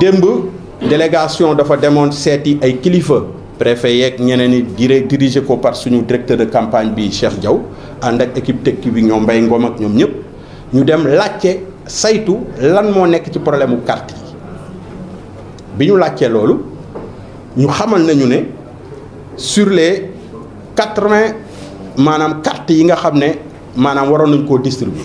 dembu délégation dafa demoon seti ay kilifa préfet yek ñeneen ni diré diriger ko par suñu directeur de campagne bi Cheikh Diaw and ak équipe tekki bi ñom bay Ngom ak ñom ñep ñu dem laccé saytu lan mo nek ci problème carte yi biñu laccé lolu ñu xamal nañu né sur les 80 manam carte yi nga xamné manam maanaam nañ ko distribuer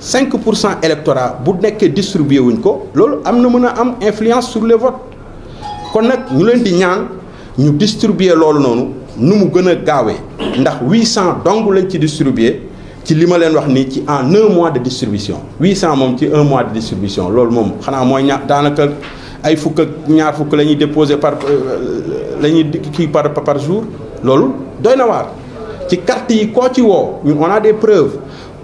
5% électorat bu avez distribué ko amna am influence sur le vote. kon nous ñu leen di ñaan ñu distribuer loolu noonu nu en un mois de distribution 800, mom un mois de distribution Vous avez un mooy ña ay ñaar par euh, par par jour doyna na ci carte on a des preuves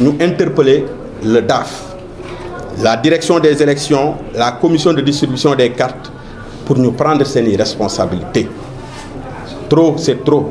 nous interpeller le DAF, la direction des élections, la commission de distribution des cartes, pour nous prendre ses responsabilités. Trop, c'est trop.